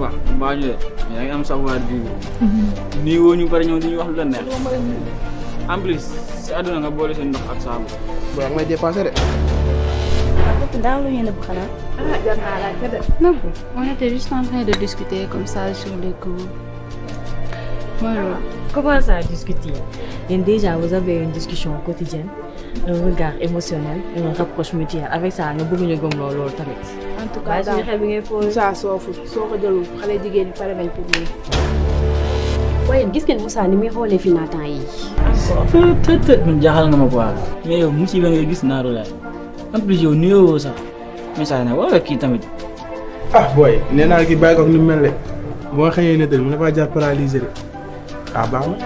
waaw baañu de mais da nga am savoir vivre. nii woo ñu pare ñëw di ñu wax lu la neex. en plus si àdduna nga boole seen ndox ak saabu. booy ak may dépassé de. ah lu était juste en train de ah, discussion quotidienne un regard émotionnel et un rapproche avec ça nga bëgg ñu gëm loolu tamit. tout cas daal xel bi ngay saa Moussa soofu soo ko jëlul xale jigéen ñi pare nañ pour nii. waaye gis ngeen Moussa ni muy xoolee fii naa temps yii. waaw tët tët man jaaxal nga ma quoi. mais yow ngay gis naaru laay en plus yow nuyoo sax message kii tamit. ah booy nee naa kii bàyyi ko ni mel de boo xëyee ne tey mu ne faa jàpp paralysé de ah baax na.